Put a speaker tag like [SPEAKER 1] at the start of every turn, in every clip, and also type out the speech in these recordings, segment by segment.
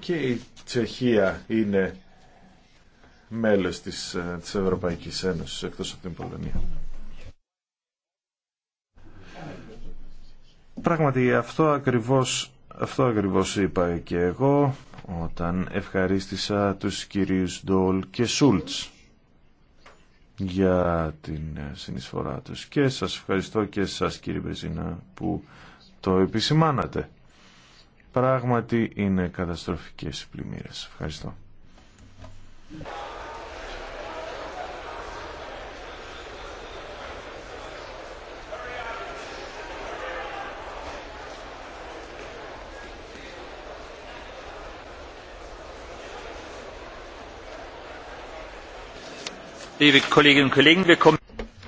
[SPEAKER 1] και, η Τσεχία είναι μέλος της, ε, της Ευρωπαϊκής Ένωσης εκτός από την Πολωνία. Πράγματι αυτό ακριβώς, αυτό ακριβώς είπα και εγώ όταν ευχαρίστησα τους κυρίους Ντόλ και Σούλτς για την ε, συνεισφορά τους και σας ευχαριστώ και σας κύριε Μπεζίνα που το επισημάνατε πράγματι είναι καταστροφικές οι πλημμύρες. Ευχαριστώ.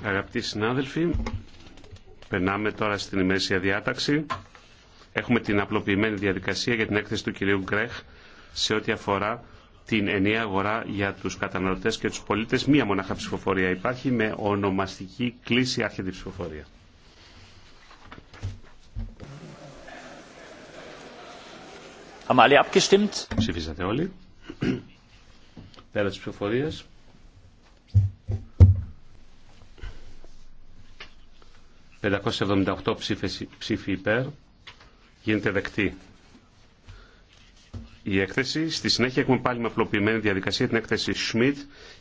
[SPEAKER 2] Αγαπητοί συνάδελφοι, περνάμε τώρα στην ημέρια διάταξη. Έχουμε την απλοποιημένη διαδικασία για την έκθεση του κυρίου Γκρέχ σε ό,τι αφορά την ενιαία αγορά για τους καταναλωτές και τους πολίτες. Μία μονάχα ψηφοφορία υπάρχει με ονομαστική κλίση άρχεται ψηφοφορία. Ψηφίσατε όλοι. Πέρα της ψηφοφορίας. «578 ψήφοι υπέρ, γίνεται δεκτή η έκθεση. Στη συνέχεια έχουμε πάλι με απλοποιημένη διαδικασία την έκθεση Schmidt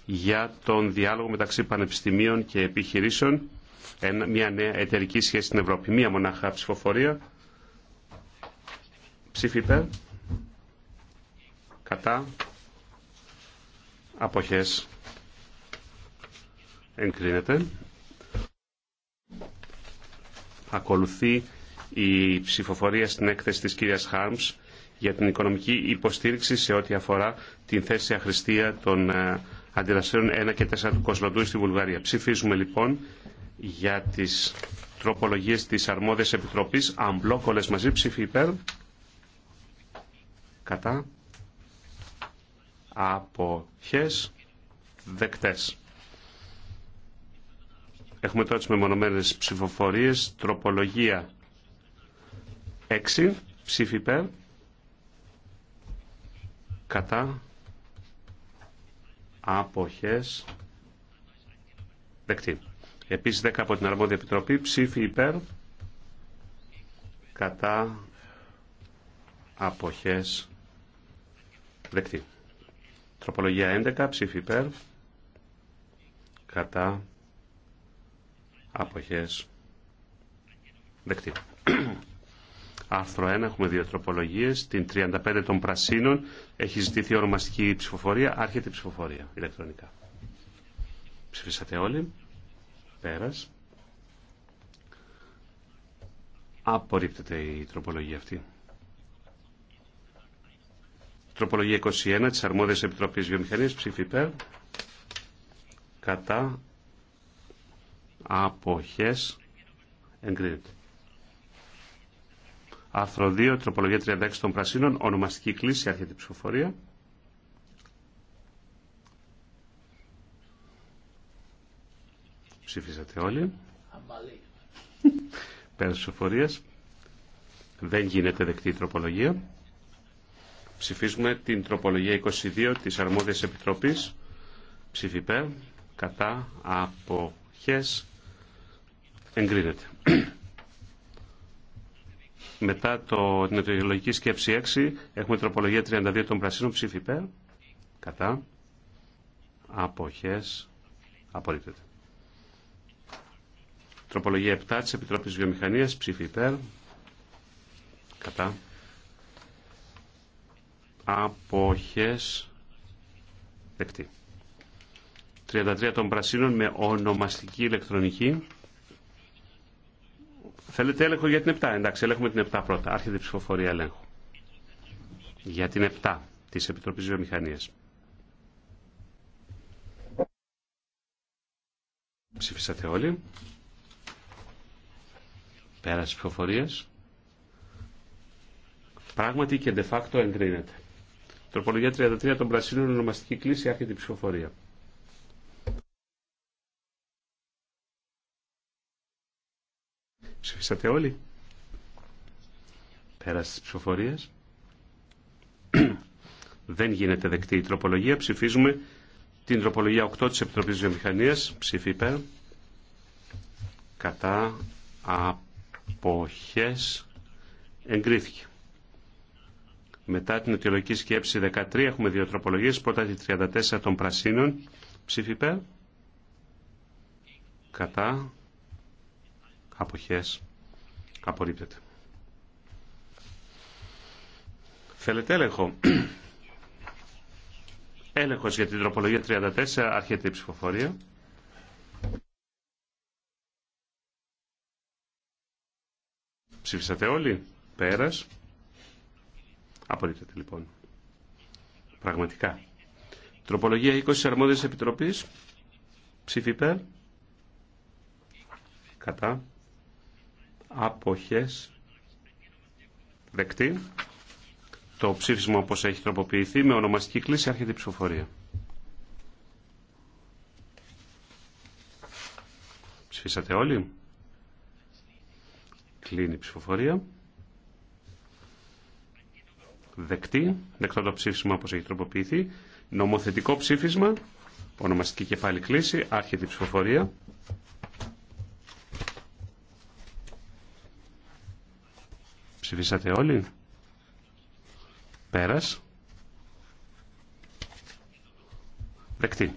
[SPEAKER 2] για τον διάλογο μεταξύ πανεπιστημίων και επιχειρήσεων, μια νέα εταιρική σχέση στην Ευρώπη. Μία μονάχα ψηφοφορία. Ψήφι Κατά. Αποχές. Εγκρίνεται. Ακολουθεί η ψηφοφορία στην έκθεση της κυρίας Χάρμς για την οικονομική υποστήριξη σε ό,τι αφορά την θέση αχρηστία των ε, αντιδραστήρων 1 και 4 του Κοσλοντού στη Βουλγαρία. Ψηφίζουμε λοιπόν για τις τροπολογίες της αρμόδιας επιτροπής, αμπλόκ μαζί, ψήφι υπέρ, κατά, αποχές, δεκτές. Έχουμε τώρα τις μεμονωμένες ψηφοφορίες, τροπολογία 6 ψήφι υπέρ κατά αποχές δεκτή. Επίσης 10 από την Αρμόδια Επιτροπή ψήφι υπέρ κατά αποχές δεκτή. Τροπολογία 11 ψήφι υπέρ κατά αποχές δεκτή. Άρθρο 1, έχουμε δύο τροπολογίε. Την 35 των Πρασίνων έχει ζητηθεί ονομαστική ψηφοφορία. Άρχεται η ψηφοφορία ηλεκτρονικά. Ψηφίσατε όλοι. Πέρας. Απορρίπτεται η τροπολογία αυτή. Τροπολογία 21 της Αρμόδιας Επιτροπής Βιομηχανίας. Ψήφι υπέρ. Κατά. Αποχές. Εγκρίνεται. Άρθρο 2, τροπολογία 36 των Πρασίνων, ονομαστική κλίση, άρχεται η ψηφοφορία. Ψήφισατε όλοι. Πέρα ψηφοφορία. Δεν γίνεται δεκτή η τροπολογία. Ψηφίζουμε την τροπολογία 22 της Αρμόδιας Επιτροπής. Ψήφι κατά, αποχές, εγκρίνεται. Μετά το, την αιτιολογική σκέψη 6 έχουμε τροπολογία 32 των πρασίνων ψήφι υπέρ. Κατά. Αποχές. Απορρίπτεται. Τροπολογία 7 της Επιτροπής Βιομηχανίας ψήφι υπέρ. Κατά. Αποχές. Δεκτή. 33 των πρασίνων με ονομαστική ηλεκτρονική. Θέλετε έλεγχο για την 7. Εντάξει, ελέγχουμε την 7 πρώτα. Άρχεται η ψηφοφορία ελέγχου. Για την 7 της Επιτροπής βιομηχανία. Ψηφίσατε όλοι. Πέρασε ψηφοφορία. Πράγματι και de facto εγκρίνεται. Τροπολογία 33 των Πρασίνων ονομαστική κλίση άρχεται η ψηφοφορία. Ψηφίσατε όλοι. Πέρασε τη Δεν γίνεται δεκτή η τροπολογία. Ψηφίζουμε την τροπολογία 8 της Επιτροπής Βιομηχανίας. Ψήφι υπέρ. Κατά αποχές εγκρίθηκε. Μετά την αιτιολογική σκέψη 13 έχουμε δύο τροπολογίες. Πρώτα τη 34 των Πρασίνων. Ψήφι υπέρ. Κατά αποχές απορρίπτεται. Θέλετε έλεγχο. Έλεγχος για την τροπολογία 34 Αρχίεται η ψηφοφορία. Ψήφισατε όλοι. Πέρας. Απορρίπτεται λοιπόν. Πραγματικά. Τροπολογία 20 αρμόδιας επιτροπής. Ψήφι Κατά αποχές δεκτή. Το ψήφισμα όπως έχει τροποποιηθεί με ονομαστική κλίση έρχεται η ψηφοφορία. Ψηφίσατε όλοι. Κλείνει η ψηφοφορία. Δεκτή. Δεκτό το ψήφισμα όπως έχει τροποποιηθεί. Νομοθετικό ψήφισμα. Ονομαστική και πάλι κλίση. Άρχεται η ψηφοφορία. Ψηφίσατε όλοι. Πέρας. Δεκτή.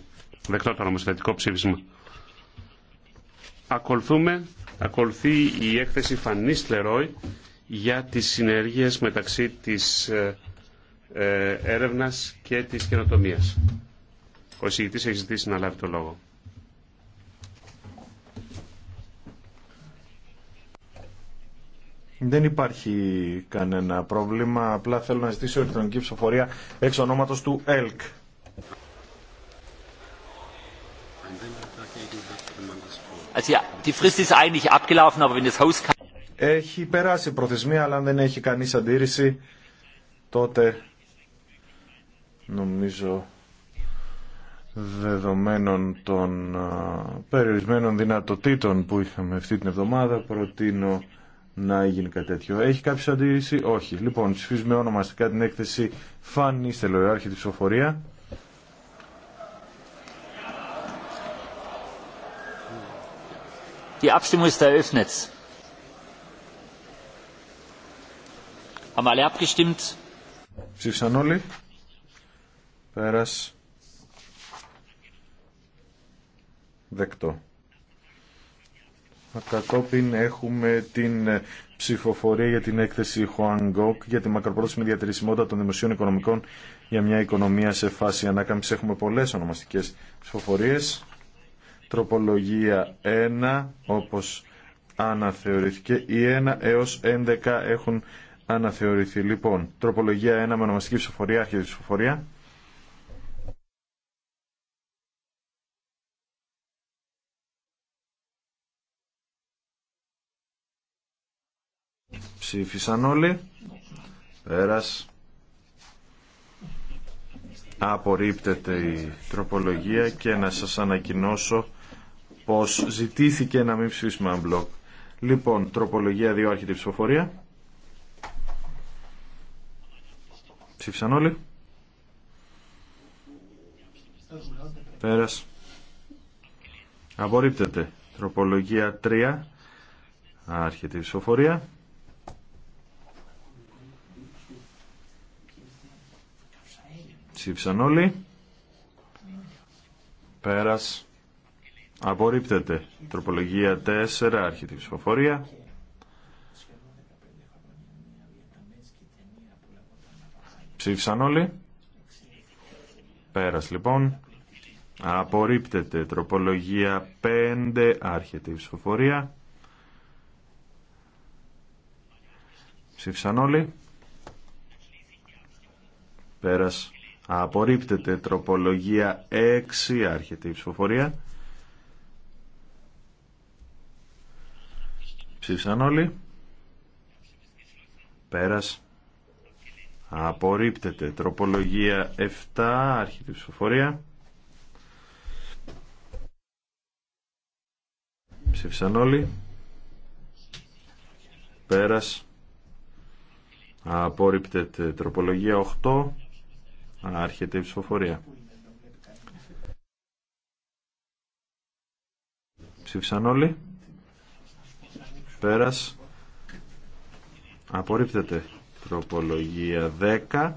[SPEAKER 2] Δεκτό το ψήφισμα. Ακολουθούμε, ακολουθεί η έκθεση Φανής Λερόι για τις συνεργίες μεταξύ της ε, ε, έρευνας και της καινοτομίας. Ο εισηγητής έχει ζητήσει να λάβει το λόγο.
[SPEAKER 1] Δεν υπάρχει κανένα πρόβλημα. Απλά θέλω να ζητήσω ηλεκτρονική ψηφοφορία εξ ονόματος του ΕΛΚ. Έχει περάσει η προθεσμία, αλλά αν δεν έχει κάνει αντίρρηση, τότε νομίζω δεδομένων των περιορισμένων δυνατοτήτων που είχαμε αυτή την εβδομάδα προτείνω να έγινε κάτι τέτοιο. Έχει κάποιο αντίρρηση, όχι. Λοιπόν, ψηφίζουμε ονομαστικά την έκθεση Φάνη Στελοϊάρχη τη ψηφοφορία.
[SPEAKER 2] Die Abstimmung ist eröffnet.
[SPEAKER 1] Haben alle abgestimmt? Ψήφισαν όλοι. Πέρας. Δεκτό. Κατόπιν έχουμε την ψηφοφορία για την έκθεση Χουανγκόκ για τη μακροπρόθεσμη διατηρησιμότητα των δημοσίων οικονομικών για μια οικονομία σε φάση ανάκαμψη. Έχουμε πολλές ονομαστικές ψηφοφορίες. Τροπολογία 1, όπως αναθεωρηθήκε, ή 1 έως 11 έχουν αναθεωρηθεί. Λοιπόν, τροπολογία 1 με ονομαστική ψηφοφορία, άρχιτη ψηφοφορία. Ψήφισαν όλοι. Πέρας. Απορρίπτεται η τροπολογία και να σας ανακοινώσω πως ζητήθηκε να μην ψηφίσουμε ένα μπλοκ. Λοιπόν, τροπολογία 2 άρχεται ψηφοφορία. Ψήφισαν όλοι. Πέρας. Απορρίπτεται. Τροπολογία 3. Άρχεται ψηφοφορία. Ψήφισαν όλοι. Πέρας. Απορρίπτεται. Τροπολογία 4. αρχιτή η ψηφοφορία. Ψήφισαν όλοι. Πέρας λοιπόν. Απορρίπτεται. Τροπολογία 5. Άρχεται η ψηφοφορία. Ψήφισαν όλοι. Πέρας. Απορρίπτεται τροπολογία 6, άρχεται η ψηφοφορία. Ψήφισαν όλοι. Πέρας. Απορρίπτεται τροπολογία 7, άρχεται η ψηφοφορία. Ψήφισαν όλοι. Πέρας. Απορρίπτεται τροπολογία 8, Άρχεται η ψηφοφορία. Ψήφισαν όλοι. Πέρας. Απορρίπτεται. Τροπολογία 10.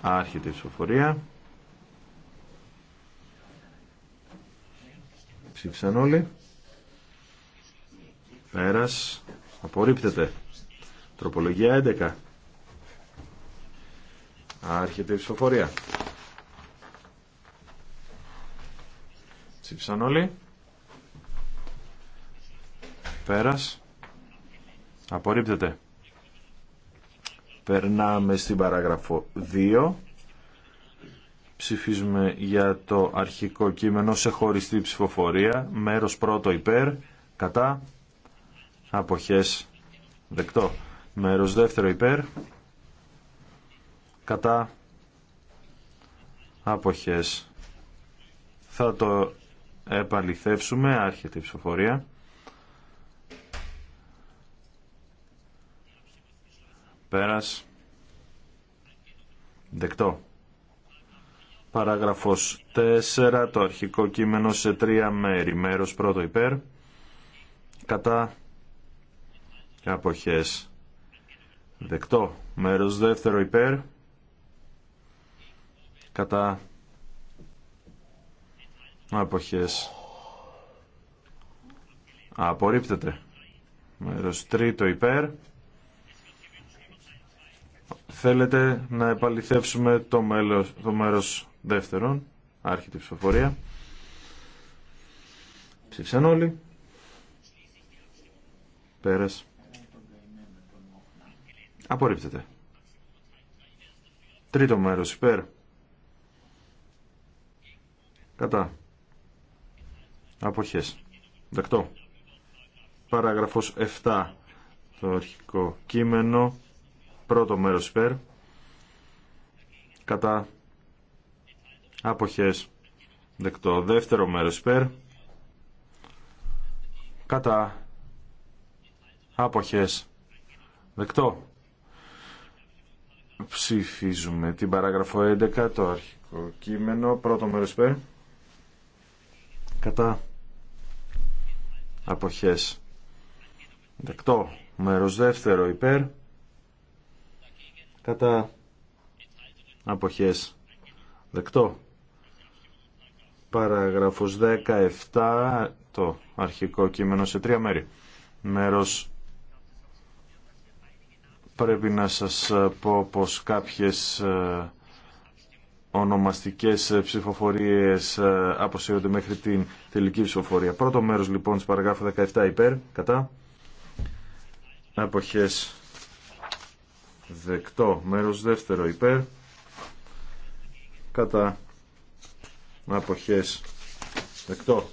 [SPEAKER 1] Άρχεται η ψηφοφορία. Ψήφισαν όλοι. Πέρας. Απορρίπτεται. Τροπολογία 11. Άρχεται η ψηφοφορία. Ψήφισαν όλοι. Πέρας. Απορρίπτεται. Περνάμε στην παράγραφο 2. Ψηφίζουμε για το αρχικό κείμενο σε χωριστή ψηφοφορία. Μέρος πρώτο υπέρ, κατά, αποχές, δεκτό. Μέρος δεύτερο υπέρ, κατά αποχές θα το επαληθεύσουμε άρχεται η ψηφοφορία πέρας δεκτό παράγραφος 4 το αρχικό κείμενο σε τρία μέρη μέρος πρώτο υπέρ κατά αποχές δεκτό μέρος δεύτερο υπέρ κατά εποχές απορρίπτεται μέρος τρίτο υπέρ θέλετε να επαληθεύσουμε το, μέλος, το μέρος δεύτερον άρχιτη ψηφοφορία ψήφισαν όλοι πέρας απορρίπτεται τρίτο μέρος υπέρ Κατά. Αποχές. Δεκτό. Παράγραφος 7. Το αρχικό κείμενο. Πρώτο μέρος υπέρ. Κατά. Αποχές. Δεκτό. Δεύτερο μέρος υπέρ. Κατά. Αποχές. Δεκτό. Ψηφίζουμε την παράγραφο 11, το αρχικό κείμενο, πρώτο μέρος υπέρ κατά αποχές δεκτό μέρος δεύτερο υπέρ κατά αποχές δεκτό παραγραφος 17 το αρχικό κείμενο σε τρία μέρη μέρος πρέπει να σας πω πως κάποιες ε, ονομαστικές ε, ψηφοφορίες ε, αποσύρονται μέχρι την τελική ψηφοφορία. Πρώτο μέρος λοιπόν της παραγράφου 17 υπέρ, κατά. Αποχές δεκτό. Μέρος δεύτερο υπέρ, κατά. Αποχές δεκτό.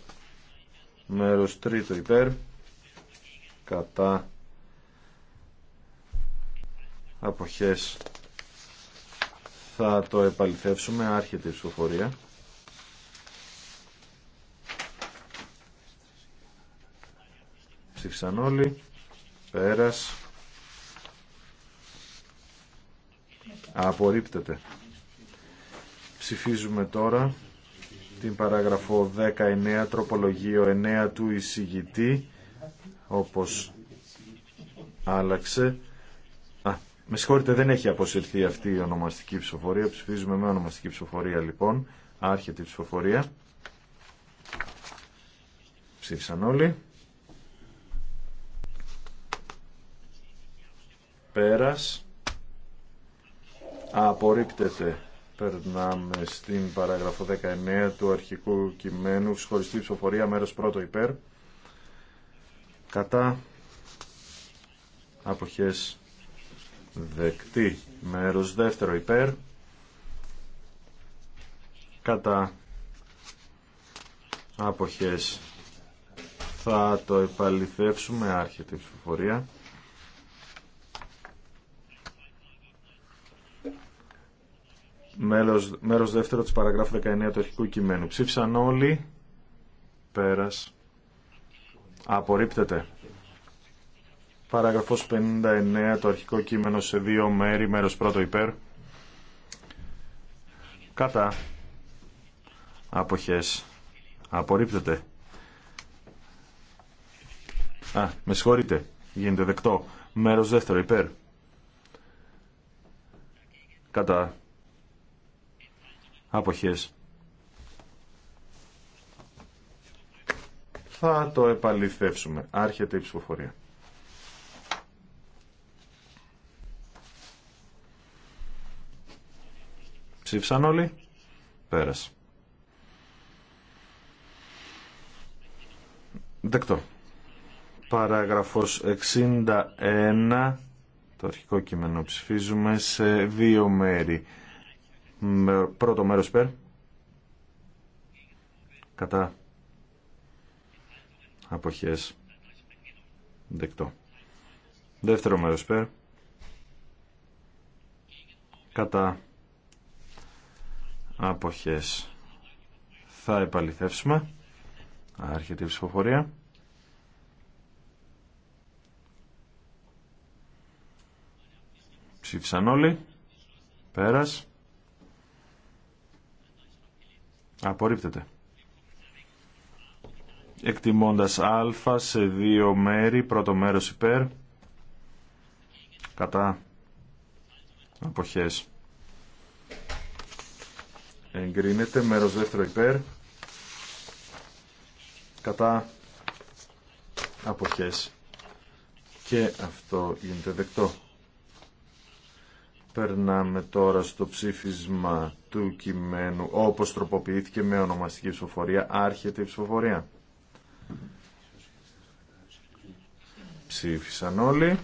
[SPEAKER 1] Μέρος τρίτο υπέρ, κατά. Αποχές θα το επαληθεύσουμε. Άρχεται η ψηφοφορία. Ψήφισαν όλοι. Πέρας. Απορρίπτεται. Ψηφίζουμε τώρα την παράγραφο 19, τροπολογίο 9 του εισηγητή, όπως άλλαξε. Με συγχωρείτε, δεν έχει αποσυρθεί αυτή η ονομαστική ψηφοφορία. Ψηφίζουμε με ονομαστική ψηφοφορία λοιπόν. Άρχεται η ψηφοφορία. Ψήφισαν όλοι. Πέρας. Απορρίπτεται. Περνάμε στην παράγραφο 19 του αρχικού κειμένου. σχολιστή ψηφοφορία, μέρος πρώτο υπέρ. Κατά. Αποχές δεκτή. Μέρος δεύτερο υπέρ κατά άποχες θα το επαληθεύσουμε άρχεται η ψηφοφορία. Μέλος, μέρος δεύτερο της παραγράφου 19 του αρχικού κειμένου. Ψήφισαν όλοι. Πέρας. Απορρίπτεται. Παράγραφος 59, το αρχικό κείμενο σε δύο μέρη, μέρος πρώτο υπέρ. Κατά. Αποχές. Απορρίπτεται. Α, με συγχωρείτε. Γίνεται δεκτό. Μέρος δεύτερο υπέρ. Κατά. Αποχές. Θα το επαληθεύσουμε. Άρχεται η ψηφοφορία. Ψήφισαν όλοι. Πέρασε. Δεκτό. Παράγραφος 61. Το αρχικό κείμενο ψηφίζουμε σε δύο μέρη. Πρώτο μέρος περ. Κατά. Αποχές. Δεκτό. Δεύτερο μέρος περ. Κατά αποχές θα επαληθεύσουμε άρχεται η ψηφοφορία ψήφισαν όλοι πέρας απορρίπτεται εκτιμώντας α σε δύο μέρη πρώτο μέρος υπέρ κατά αποχές εγκρίνεται. Μέρος δεύτερο υπέρ. Κατά αποχές. Και αυτό γίνεται δεκτό. Περνάμε τώρα στο ψήφισμα του κειμένου όπως τροποποιήθηκε με ονομαστική ψηφοφορία. Άρχεται η ψηφοφορία. Ψήφισαν όλοι.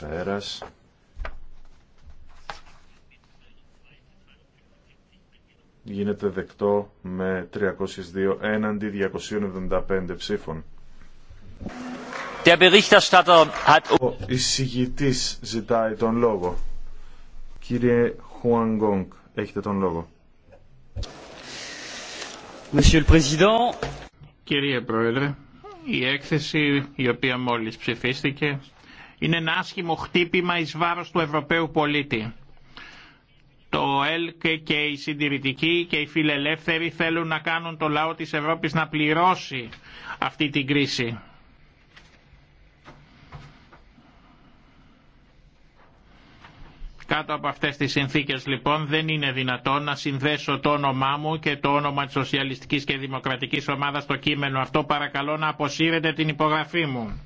[SPEAKER 1] Πέρας. γίνεται δεκτό με 302 έναντι 275 ψήφων. Ο εισηγητής ζητάει τον λόγο. Κύριε Χουανγκόγκ, έχετε τον λόγο.
[SPEAKER 2] Κύριε Πρόεδρε, η έκθεση η οποία μόλις ψηφίστηκε είναι ένα άσχημο χτύπημα εις βάρος του Ευρωπαίου πολίτη το ΕΛΚ και οι συντηρητικοί και οι φιλελεύθεροι θέλουν να κάνουν το λαό της Ευρώπης να πληρώσει αυτή την κρίση. Κάτω από αυτές τις συνθήκες λοιπόν δεν είναι δυνατόν να συνδέσω το όνομά μου και το όνομα της Σοσιαλιστικής και Δημοκρατικής Ομάδας στο κείμενο αυτό. Παρακαλώ να αποσύρετε την υπογραφή μου.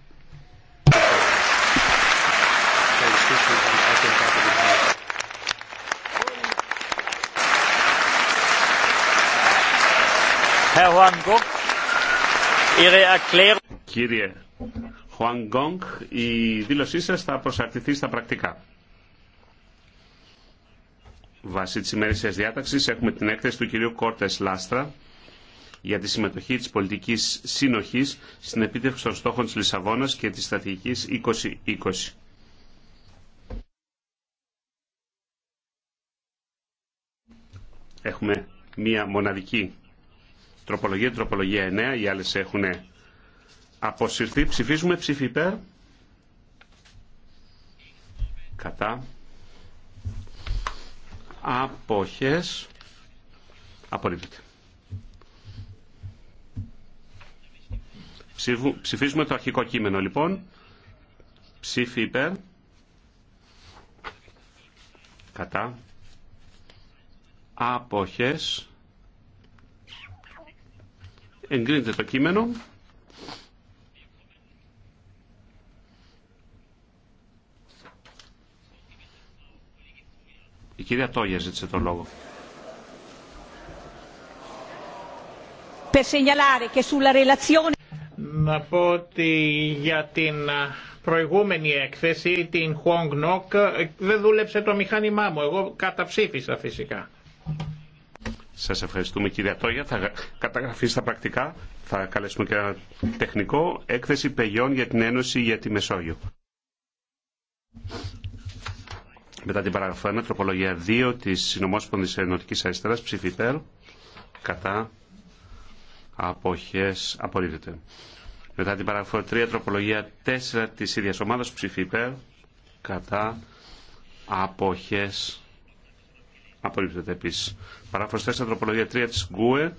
[SPEAKER 2] Κύριε Γκόγκ, η δήλωσή σας θα προσαρτηθεί στα πρακτικά. Βάσει της ημερήσιας διάταξης έχουμε την έκθεση του κυρίου Κόρτες Λάστρα για τη συμμετοχή της πολιτικής σύνοχης στην επίτευξη των στόχων της Λισαβόνας και της στρατηγικής 2020. Έχουμε μία μοναδική Τροπολογία, τροπολογία 9, οι άλλες έχουν αποσυρθεί. Ψηφίζουμε ψήφι υπέρ. Κατά. Αποχές. Απορρίπτεται. Ψηφίζουμε το αρχικό κείμενο λοιπόν. Ψήφι υπέρ. Κατά. Αποχές. Εγκρίνεται το κείμενο. Η κυρία Τόγια ζήτησε τον λόγο. Να πω ότι για την προηγούμενη έκθεση, την Χουόγκ Νόκ, δεν δούλεψε το μηχάνημά μου. Εγώ καταψήφισα φυσικά. Σα ευχαριστούμε κύριε Ατόγια. Θα καταγραφεί στα πρακτικά. Θα καλέσουμε και ένα τεχνικό έκθεση παιδιών για την Ένωση για τη Μεσόγειο. Μετά την παραγραφή 1, τροπολογία 2 τη Συνομόσπονδη Ενωτική Αριστερά, ψήφι κατά, αποχές, απορρίπτεται. Μετά την παραγραφή 3, τροπολογία 4 τη ίδια ομάδα. ψήφι κατά, αποχές, Απορρίπτεται επίση. Παράγραφο 4, τροπολογία 3 τη ΓΚΟΕ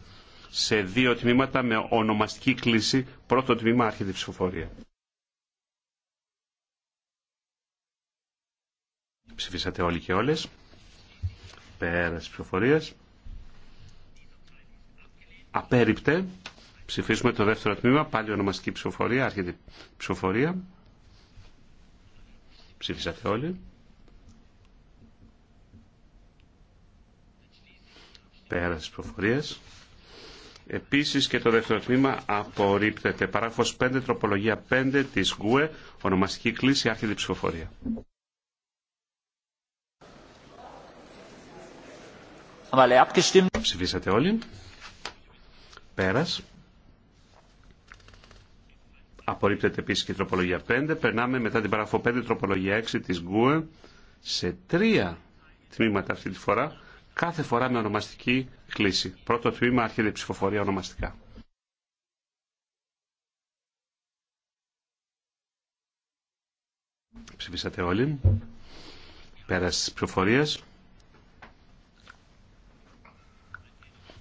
[SPEAKER 2] σε δύο τμήματα με ονομαστική κλίση. Πρώτο τμήμα, άρχεται ψηφοφορία. Ψηφίσατε όλοι και όλε. Πέρα τη ψηφοφορία. Απέριπτε. Ψηφίσουμε το δεύτερο τμήμα. Πάλι ονομαστική ψηφοφορία. Άρχεται ψηφοφορία. Ψηφίσατε όλοι. Πέρα τη προφορίες. Επίση και το δεύτερο τμήμα απορρίπτεται. Παράγραφος 5, τροπολογία 5 της ΓΟΕ, ονομαστική κλίση, άρχιδη ψηφοφορία. Ψηφίσατε όλοι. Πέρα. Απορρίπτεται επίση και η τροπολογία 5. Περνάμε μετά την παράγραφο 5, τροπολογία 6 τη ΓΚΟΕ σε τρία τμήματα αυτή τη φορά κάθε φορά με ονομαστική κλίση. Πρώτο τμήμα άρχεται ψηφοφορία ονομαστικά. Ψηφίσατε όλοι. Πέραση τη ψηφοφορία.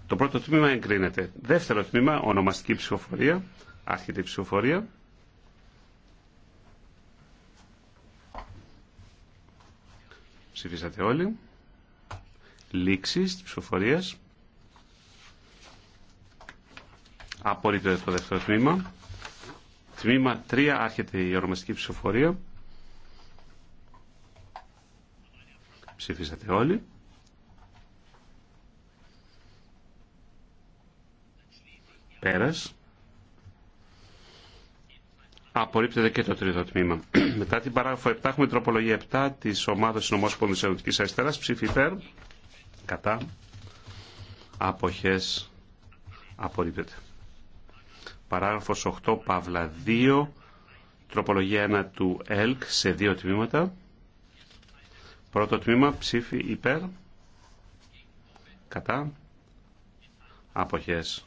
[SPEAKER 2] Το πρώτο τμήμα εγκρίνεται. Δεύτερο τμήμα, ονομαστική ψηφοφορία. Άρχεται η ψηφοφορία. Ψηφίσατε όλοι λήξης της ψηφοφορίας. Απορρίπτεται το δεύτερο τμήμα. Τμήμα 3 άρχεται η ονομαστική ψηφοφορία. Ψηφίσατε όλοι. Πέρα. Απορρίπτεται και το τρίτο τμήμα. Μετά την παράγραφο 7 έχουμε τροπολογία 7 της ομάδας της νομός Πονδυσιανωτικής Αριστεράς. Ψήφι υπέρ κατά αποχές απορρίπτεται. Παράγραφος 8 Παύλα 2 τροπολογία 1 του ΕΛΚ σε δύο τμήματα. Πρώτο τμήμα ψήφι υπέρ κατά αποχές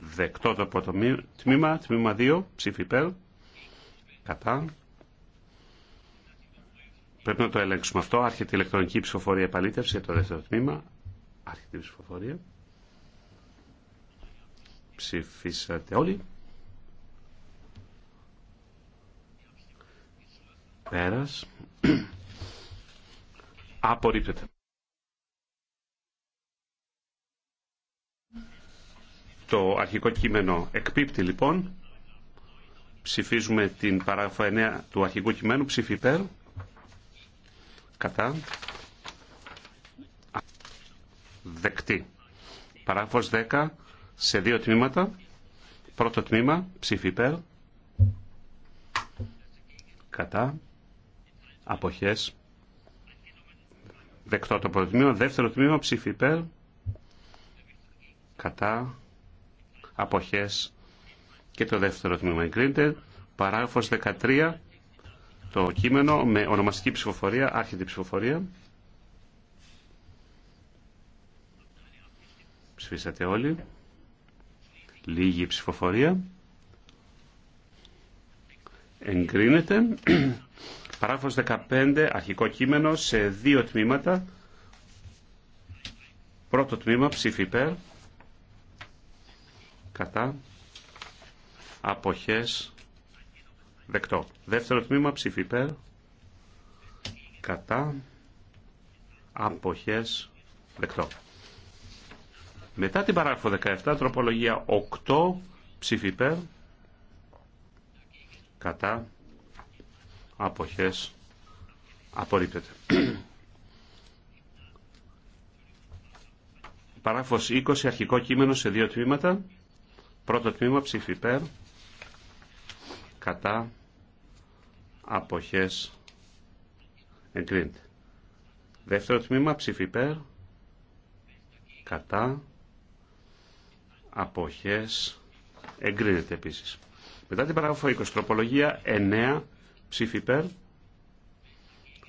[SPEAKER 2] δεκτό το πρώτο τμήμα τμήμα 2 ψήφι υπέρ κατά Πρέπει να το ελέγξουμε αυτό. Άρχεται η ηλεκτρονική ψηφοφορία επαλήτευση για το δεύτερο τμήμα. Άρχεται η ψηφοφορία. Ψηφίσατε όλοι. Πέρας. Απορρίπτεται. Το αρχικό κείμενο εκπίπτει λοιπόν. Ψηφίζουμε την παράγραφο 9 του αρχικού κειμένου. Ψήφι Κατά. Δεκτή. Παράγραφος 10 σε δύο τμήματα. Πρώτο τμήμα, ψήφι υπέρ. Κατά. Αποχές. Δεκτό το πρώτο τμήμα. Δεύτερο τμήμα, ψήφι υπέρ. Κατά. Αποχές. Και το δεύτερο τμήμα εγκρίνεται. Παράγραφος 13 το κείμενο με ονομαστική ψηφοφορία, άρχιτη ψηφοφορία. Ψηφίσατε όλοι. Λίγη ψηφοφορία. Εγκρίνεται. Παράγραφος 15, αρχικό κείμενο, σε δύο τμήματα. Πρώτο τμήμα, ψήφι υπέρ. Κατά. Αποχές Δεκτό. Δεύτερο τμήμα ψήφι Κατά. Αποχές. Δεκτό. Μετά την παράγραφο 17, τροπολογία 8, ψηφίπερ Κατά. Αποχές. Απορρίπτεται. Παράγραφος 20, αρχικό κείμενο σε δύο τμήματα. Πρώτο τμήμα ψήφι υπέρ. Κατά αποχές εγκρίνεται. Δεύτερο τμήμα ψήφι κατά, αποχές εγκρίνεται επίσης. Μετά την παράγραφο 20, τροπολογία 9, ψήφι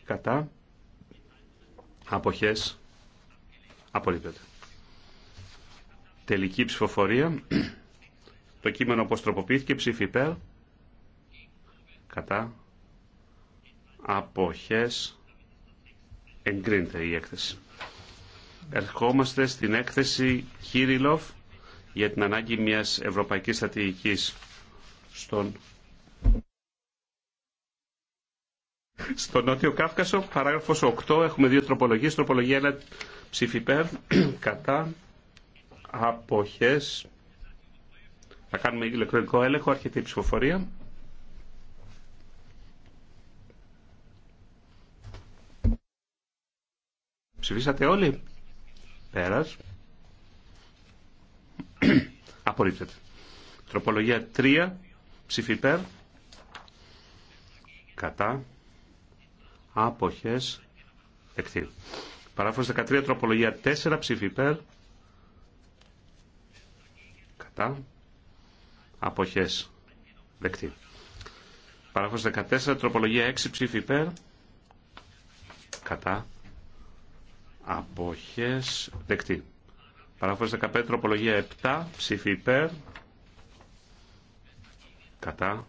[SPEAKER 2] κατά, αποχές απολύπτεται. Τελική ψηφοφορία, το κείμενο όπως τροποποιήθηκε, ψήφι κατά, αποχές εγκρίνεται η έκθεση. Ερχόμαστε στην έκθεση Κύριλοφ για την ανάγκη μιας ευρωπαϊκής στρατηγικής στον Στο Νότιο Κάφκασο, παράγραφος 8, έχουμε δύο τροπολογίες. Τροπολογία 1, ψηφιπέρ κατά, αποχές. Θα κάνουμε ηλεκτρονικό έλεγχο, αρχιτεί ψηφοφορία. Ψηφίσατε όλοι. Πέρας. Απορρίπτεται. Τροπολογία 3. Ψήφι υπέρ. Κατά. Άποχες. Δεκτή. Παράφρος 13. Τροπολογία 4. Ψήφι υπέρ. Κατά. Αποχές. Δεκτή. Παράγραφος 14. Τροπολογία 6. Ψήφι υπέρ. Κατά αποχές δεκτή. Παράγραφος 15, τροπολογία 7, ψήφι υπέρ, κατά,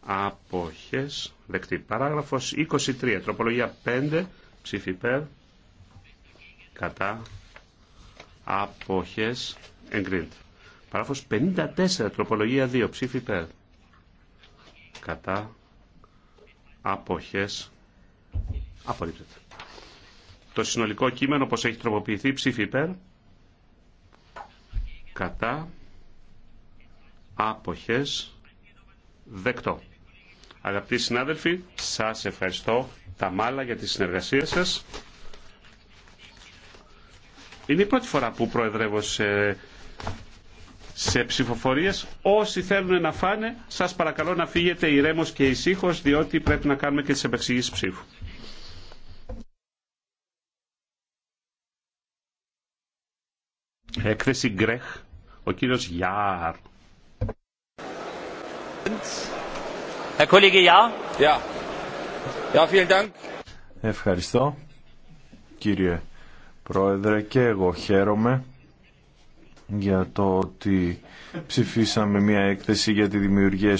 [SPEAKER 2] αποχές δεκτή. Παράγραφος 23, τροπολογία 5, ψήφι υπέρ, κατά, αποχές εγκρίνεται. Παράγραφος 54, τροπολογία 2, ψήφι υπέρ, κατά, αποχές απορρίπτεται το συνολικό κείμενο όπως έχει τροποποιηθεί ψήφι υπέρ κατά άποχες δεκτό. Αγαπητοί συνάδελφοι, σας ευχαριστώ τα μάλα για τη συνεργασία σας. Είναι η πρώτη φορά που προεδρεύω σε, σε ψηφοφορίες. Όσοι θέλουν να φάνε, σας παρακαλώ να φύγετε ηρέμος και ησύχως, διότι πρέπει να κάνουμε και τις επεξηγήσεις ψήφου. Έκθεση Γκρέχ, ο κύριος Γιάρ.
[SPEAKER 1] Ευχαριστώ κύριε Πρόεδρε και εγώ χαίρομαι για το ότι ψηφίσαμε μια έκθεση για τη δημιουργία